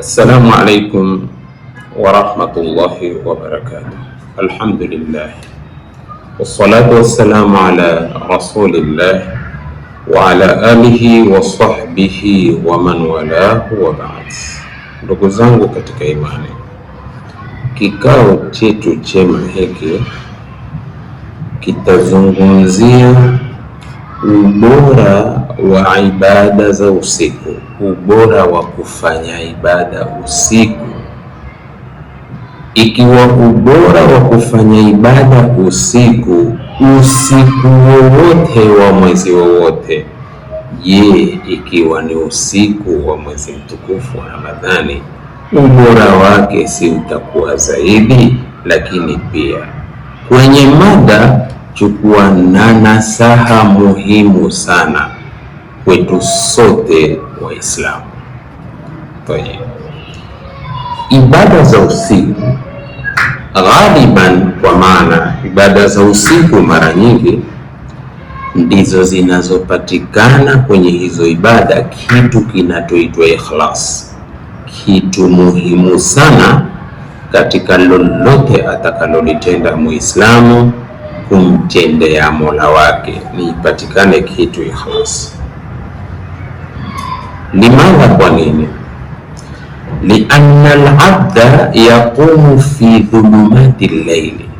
Assalamu alaikum warahmatullahi wabarakatuh. Alhamdulillah wassalatu wassalamu ala rasulillah wa ala alihi wa sahbihi wa man walahu wa Ndugu zangu katika imani, kikao chetu chema hiki kitazungumzia ubora wa ibada za usiku, ubora wa kufanya ibada usiku. Ikiwa ubora wa kufanya ibada usiku, usiku wowote wa mwezi wowote, je, ikiwa ni usiku wa mwezi mtukufu wa Ramadhani, ubora wake si utakuwa zaidi? Lakini pia kwenye mada chukua na nasaha muhimu sana kwetu sote Waislamu. Ibada za usiku ghaliban, kwa maana ibada za usiku mara nyingi ndizo zinazopatikana kwenye hizo ibada kitu kinachoitwa ikhlas, kitu muhimu sana katika lolote atakalolitenda Muislamu kumtendea Mola wake, niipatikane kitu ikhlas. Limadha, kwa nini? Lianna labda yaqumu fi dhulumati llaili,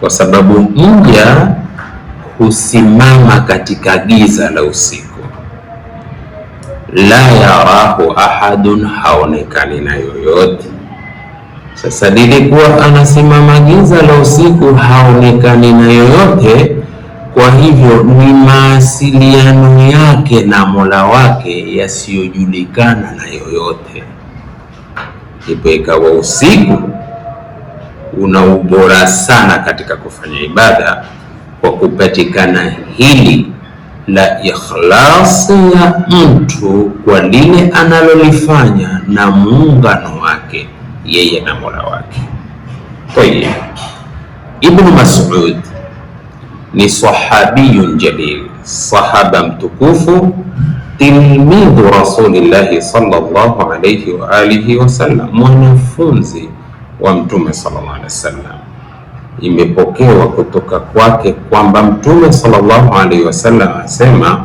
kwa sababu mja husimama katika giza la usiku. La yarahu ahadun, haonekani na yoyote. Sasa lilikuwa anasimama giza la usiku, haonekani na yoyote kwa hivyo ni mawasiliano yake na Mola wake yasiyojulikana na yoyote. Ndipo ikawa usiku una ubora sana katika kufanya ibada kwa kupatikana hili la ikhlasi ya mtu kwa lile analolifanya na muungano wake yeye na Mola wake. Kwa hiyo Ibnu Mas'ud ni sahabiyun jalil, sahaba mtukufu, tilmidhu rasulillahi sallallahu alayhi wa alihi wasallam, mwanafunzi wa mtume sallallahu alayhi wasallam. Imepokewa kutoka kwake kwamba mtume sallallahu alayhi wasallam asema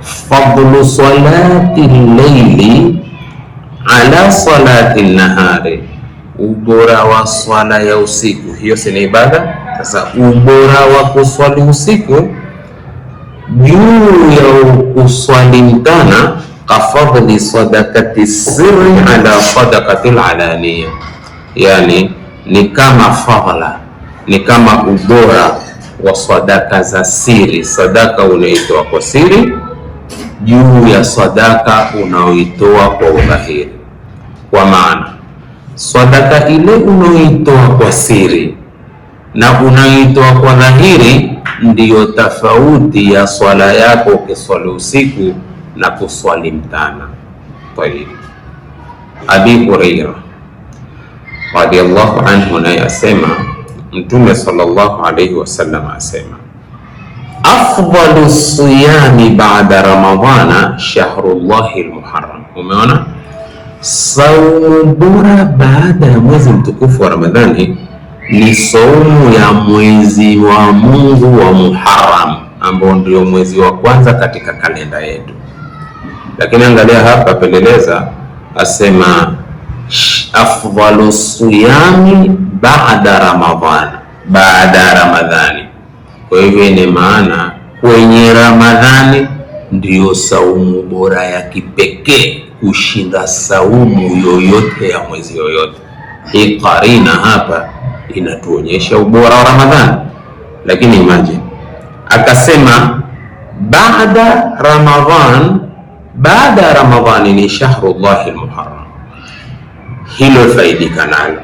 fadlu salati llaili ala salati nahari, ubora wa swala ya usiku. Hiyo si ni ibada sasa ubora wa kuswali usiku juu ya kuswali mchana, kafadhli sadakati siri ala sadakati alania, yani ni kama fadhila, ni kama ubora wa sadaka za siri, sadaka unaoitoa kwa siri juu ya sadaka unaoitoa kwa udhahiri. Kwa maana sadaka ile unaoitoa kwa siri na unaitwa kwa dhahiri, ndiyo tofauti ya swala yako ukiswali usiku na kuswali mtana. Tayib, Abi Huraira radhiallahu anhu naye asema Mtume sallallahu alayhi wasallam asema afdalu siyami baada ramadhana shahrullahi lmuharam Umeona saumu bora baada ya mwezi mtukufu wa Ramadhani ni saumu ya mwezi wa Mungu wa Muharram ambao ndio mwezi wa kwanza katika kalenda yetu. Lakini angalia hapa, peleleza, asema afdalu siyami baada Ramadhan, baada Ramadhani. Kwa hivyo ina maana kwenye Ramadhani ndiyo saumu bora ya kipekee kushinda saumu yoyote ya mwezi yoyote. Hii karina hapa inatuonyesha ubora wa Ramadhani. Lakini imagine akasema baada Ramadhan, baada ya Ramadhani ni shahrullahi lmuharam, hilo faidika nalo.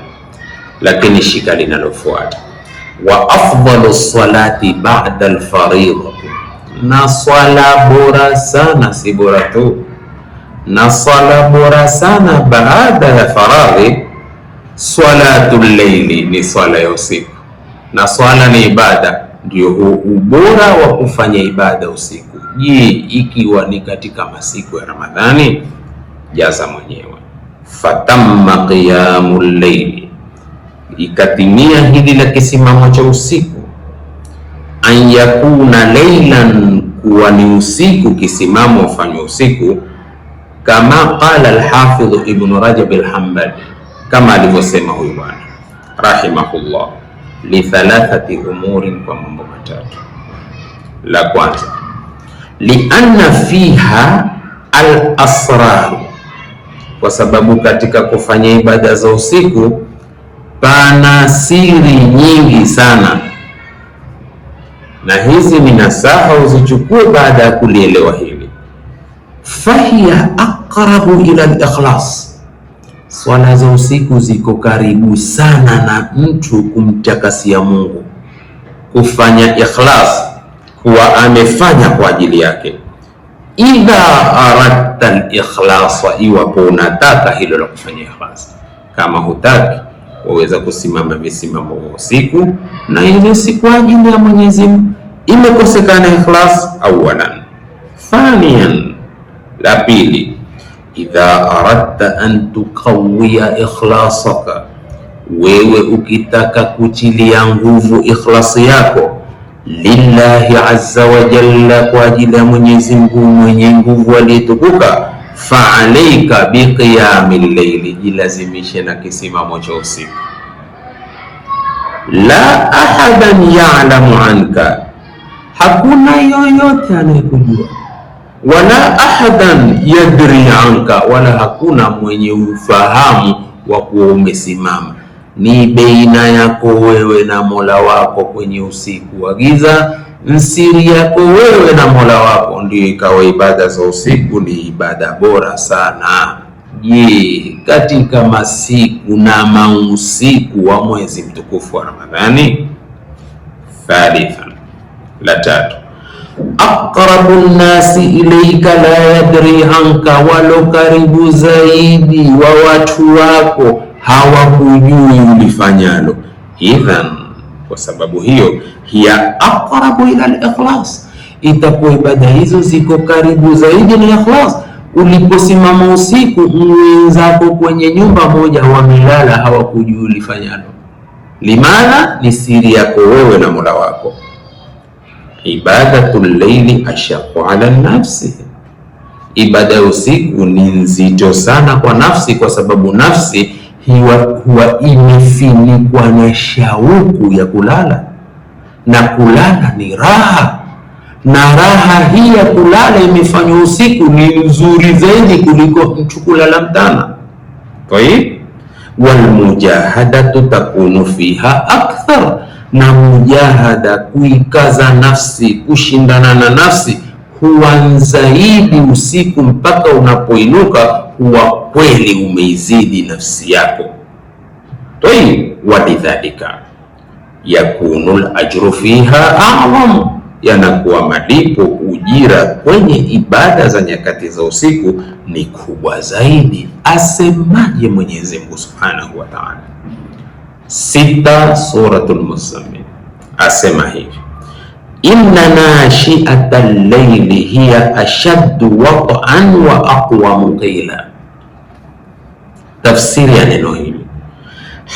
Lakini shika linalofuata wa afdalu salati ba'da alfaridhati, na swala bora sana, si bora tu, na swala bora sana baada ya faradhi Swalatul leili ni swala ya usiku, na swala ni ibada, ndio ubora wa kufanya ibada usiku. Je, ikiwa ni katika masiku ya Ramadhani, jaza mwenyewe. Fatamma qiyamul leili, ikatimia hili la kisimamo cha usiku. An yakuna leilan, kuwa ni usiku, kisimamo ufanywa usiku, kama qala Alhafidhu Ibnu Rajab Alhambali kama alivyosema huyu bwana rahimahullah, li thalathati umurin, kwa mambo matatu. La kwanza lianna fiha al asrar, kwa sababu katika kufanya ibada za usiku pana siri nyingi sana, na hizi ni nasaha uzichukue baada ya kulielewa hili. Fahiya aqrabu ila al ikhlas Swala za usiku ziko karibu sana na mtu kumtakasia Mungu, kufanya ikhlas, kuwa amefanya kwa ajili yake. Idha aradta al iwapo unataka hilo la kufanya ikhlas. Kama hutaki, waweza kusimama misimamo wa usiku, na ile si kwa ajili ya Mwenyezi Mungu, imekosekana ikhlas. Awalan. Thaniyan, la pili idha aradta an tuqawiya ikhlasaka, wewe ukitaka kuchilia nguvu ikhlasi yako lillahi azza wa jalla, kwa ajili ya Mwenyezi Mungu mwenye nguvu aliyetukuka. Fa alaika biqiyami llaili, jilazimishe na kisimamo cha usiku. La ahadan ya'lamu anka, hakuna yoyote anayekujua wala ahadan yadri anka, wala hakuna mwenye ufahamu wa kuwa umesimama. Ni beina yako wewe na Mola wako kwenye usiku wa giza, nsiri yako wewe na Mola wako. ndio ikawa ibada za usiku ni ibada bora sana. Je, katika masiku na mausiku wa mwezi mtukufu wa Ramadhani, thalitha la tatu aqrabu nnasi ilaika la yadri anka, walo karibu zaidi wa watu wako hawakujui ulifanyalo. Idhan, kwa sababu hiyo, hiya aqrabu ila likhlas ikhlas itakuwa ibada hizo ziko karibu zaidi ni ikhlas. Uliposimama usiku mwenzako kwenye nyumba moja wamelala, hawakujui ulifanyalo. Limana ni siri yako wewe na Mola wako ibadatu llaili ashaqu ala nafsi, ibada ya usiku ni nzito sana kwa nafsi, kwa sababu nafsi huwa imefinikwa na shauku ya kulala, na kulala ni raha, na raha hii ya kulala imefanywa usiku ni nzuri zaidi kuliko mtu kulala mchana. Tayib, walmujahadatu takunu fiha akthar na mujahada, kuikaza nafsi, kushindana na nafsi huwa zaidi usiku mpaka unapoinuka, huwa kweli umeizidi nafsi yako. Tayib, walidhalika yakunu lajru fiha a'zam yanakuwa malipo ujira kwenye ibada za nyakati za usiku ni kubwa zaidi. Asemaje Mwenyezi Mungu Subhanahu wa Ta'ala? sita Suratul Muzammil asema hivi, inna nashiata llaili hiya ashaddu wat'an wa aqwa qila. Tafsiri ya neno hili,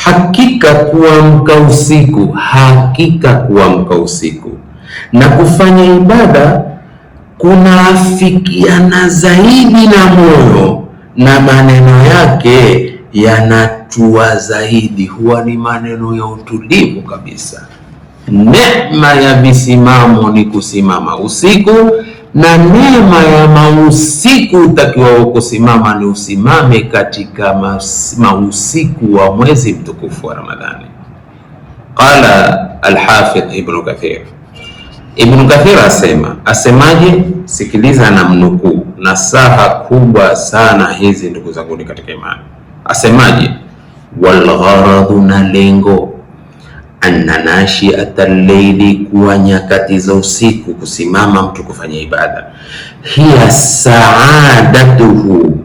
hakika kuamka usiku, hakika kuamka usiku na kufanya ibada kunaafikiana zaidi na moyo na maneno yake yanatua zaidi, huwa ni maneno ya utulivu kabisa. Neema ya misimamo ni kusimama usiku, na neema ya mausiku utakiwa kusimama ni usimame katika mausiku wa mwezi mtukufu wa Ramadhani. Qala Alhafidh Ibnu Kathir. Ibnu Kathir asema, asemaje? Sikiliza na mnukuu, saha kubwa sana hizi, ndugu zanguni katika imani asemaje? Walgharadhu, na lengo, anna nashiata llaili kuwa nyakati za usiku, kusimama mtu kufanya ibada. Hiya saadatuhu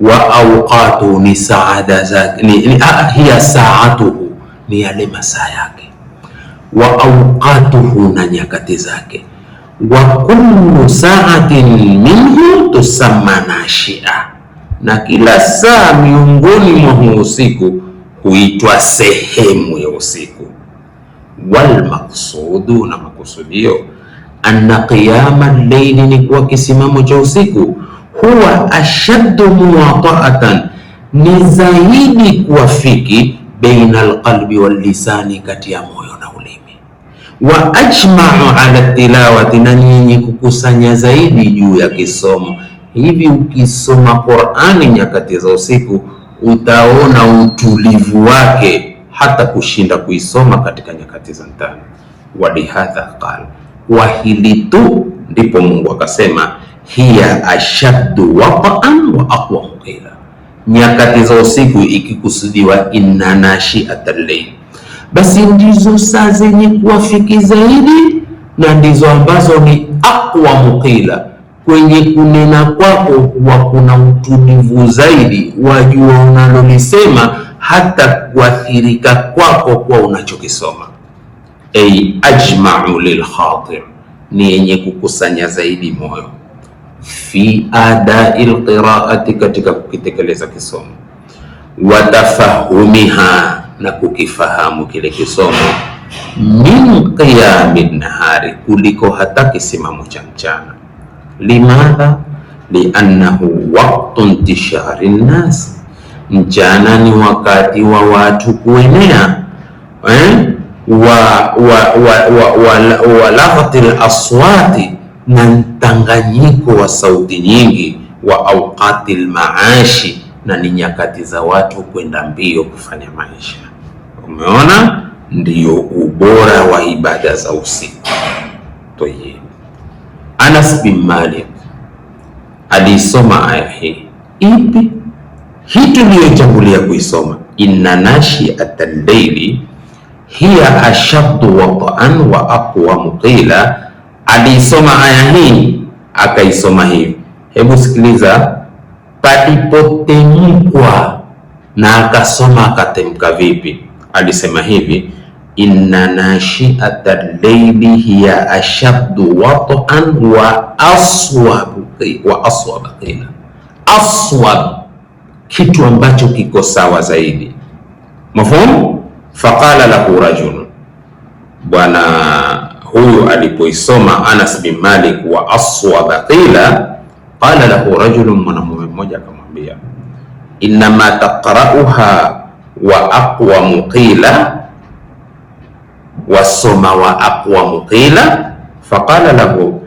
wa awqatu ni saada zake, ni ah, hiya saatuhu, ni yale masaa yake, wa awqatuhu, na nyakati zake wa kullu saatin minhu tusamma nashia na kila saa miongoni mwa huu usiku huitwa sehemu ya usiku. walmaksudu na makusudio, anna qiyama llaili ni kuwa kisimamo cha usiku, huwa ashaddu muwataatan, ni zaidi kuwafiki, baina alqalbi wallisani, kati ya moyo na ulimi, wa ajmau ala tilawati, na nyinyi kukusanya zaidi juu ya kisomo hivi. Ukisoma Qur'ani nyakati za usiku utaona utulivu wake hata kushinda kuisoma katika nyakati za mtana. wa bihadha qal kwa hili tu ndipo Mungu akasema hiya ashaddu wataan wa aqwa qila, nyakati za usiku ikikusudiwa inna nashi'at al basi ndizo saa zenye kuwafiki zaidi na ndizo ambazo ni aqwa qila kwenye kunena kwako wa kuna utulivu zaidi, wajua unalolisema hata kuathirika kwako kwa unachokisoma. Ay ajma'u lilkhatir, ni yenye kukusanya zaidi moyo. Fi adai lqiraati, katika kukitekeleza kisomo. Watafahumiha, na kukifahamu kile kisomo. Min qiyami nahari, kuliko hata kisimamo cha mchana Limadha? Liannahu waktu ntishari nnas, mchana ni wakati wa watu kuenea eh? wa, wa, wa, wa, wa, wa, laswati, na mtanganyiko wa sauti nyingi. Wa auqati lmaashi, na ni nyakati za watu kwenda mbio kufanya maisha. Umeona, ndiyo ubora wa ibada za usiku. Toye. Anas bin Malik aliisoma aya hii ipi? Hii tuliyoitangulia kuisoma, inna nashiata llaili hiya ashaddu wataan wa aqwa qila. Aliisoma aya hii akaisoma hivi. Hebu sikiliza, palipotemkwa na akasoma akatemka vipi? Alisema hivi inna nashi'ata layli hiya ashaddu wat'an wa aswab wa aswab qila aswab, kitu ambacho kiko sawa zaidi. Mafhum? Faqala lahu rajul, bwana huyu alipoisoma Anas bin Malik wa aswab qila, qala lahu rajul, mwanamume mmoja akamwambia, inna ma taqra'uha wa aqwa muqila wasoma wa aqwamu qila faqala lahu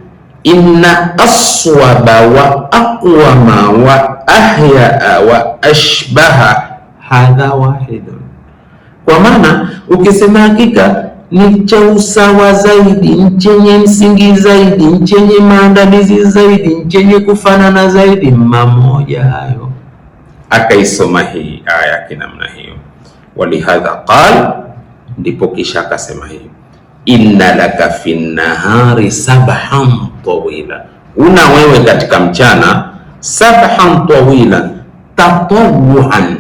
inna aswaba wa aqwama wa ahyaa wa ashbaha hadha wahidun, kwa maana ukisema hakika ni cha usawa zaidi, ni chenye msingi zaidi, ni chenye maandalizi zaidi, ni chenye kufanana zaidi, mamoja hayo. Akaisoma hii aya kinamna hiyo, walihadha qala ndipo kisha akasema hivi, inna laka fi nahari sabhan tawila, una wewe katika mchana sabhan tawila, tatawuan,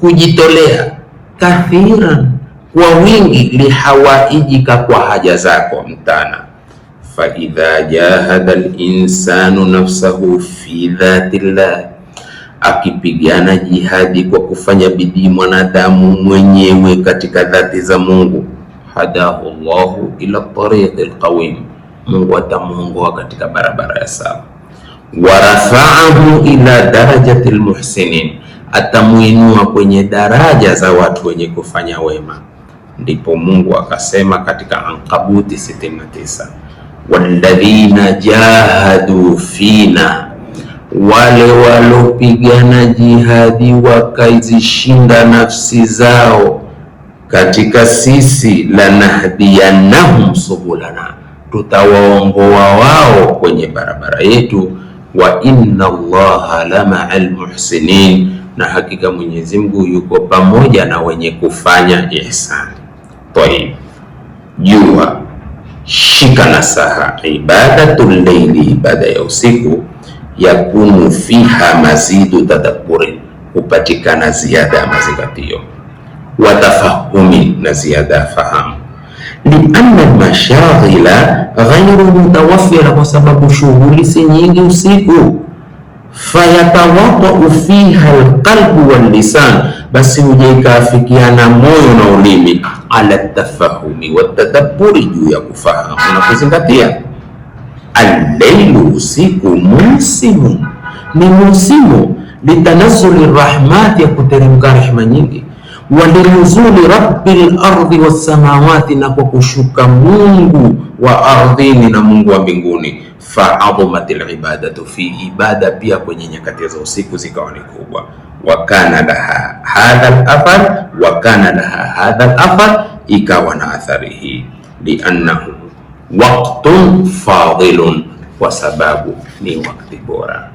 kujitolea, kathiran, kwa wingi, lihawaijika, kwa haja zako mtana faidha jahada linsanu nafsahu fi dhati llah akipigana jihadi kwa kufanya bidii mwanadamu mwenyewe katika dhati za Mungu, hadahu llahu ila tariqi lqawim, Mungu atamuongoa katika barabara ya sawa. Warafaahu ila darajati lmuhsinin, atamuinua kwenye daraja za watu wenye kufanya wema. Ndipo Mungu akasema katika Ankabuti 69 walladhina jahadu fina wale walopigana jihadi wakaizishinda nafsi zao katika sisi, lanahdiyannahum subulana, tutawaongoa wao kwenye barabara yetu. Wa inna Allaha la maa muhsinin, na hakika Mwenyezi Mungu yuko pamoja na wenye kufanya ihsani. Tayib, jua shika nasaha, ibadatu layli, ibada ya usiku yakunu fiha mazidu tadabburi, hupatikana ziada ya mazingatio, wa tafahumi, na ziada ya fahamu. Lianna mashaghila ghairu mutawafira, kwa sababu shughuli si nyingi usiku. fayatawatau fiha alqalbu wallisan, basi hujaikaafikiana moyo na ulimi, ala tafahumi watadaburi juu ya kufahamu na kuzingatia alleilu, usiku, musimu ni musimu litanazuli rahmati, ya kuteremka rehma nyingi, walinuzuli rabbil ardi wassamawati, na kwa kushuka Mungu wa ardhini na Mungu wa mbinguni. Faadhumatil ibadatu fi ibada, pia kwenye nyakati za usiku zikawa ni kubwa. Wakana laha hadha al wakana laha hadha al ikawa na athari hii liannahu waktun fadhilun, kwa sababu ni wakati bora.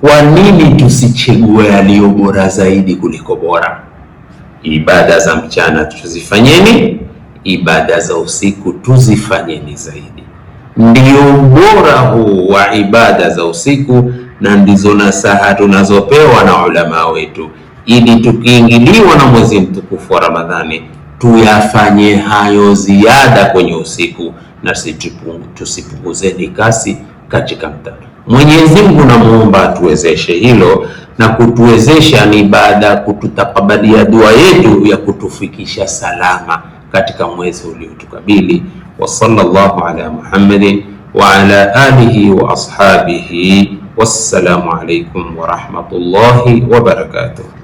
Kwa nini tusichegue yaliyo bora zaidi kuliko bora? Ibada za mchana tuzifanyeni, ibada za usiku tuzifanyeni zaidi. Ndio ubora huu wa ibada za usiku, na ndizo nasaha tunazopewa na ulamaa wetu, ili tukiingiliwa na mwezi mtukufu wa Ramadhani tuyafanye hayo ziada kwenye usiku na tusipunguzeni kasi katika mtaa. Mwenyezi Mungu namuomba atuwezeshe hilo, na kutuwezesha ni baada ya kututabadia dua yetu ya kutufikisha salama katika mwezi uliotukabili. Wa sallallahu ala Muhammadin wa ala alihi wa ashabihi. Wassalamu alaikum wa rahmatullahi wa barakatuh.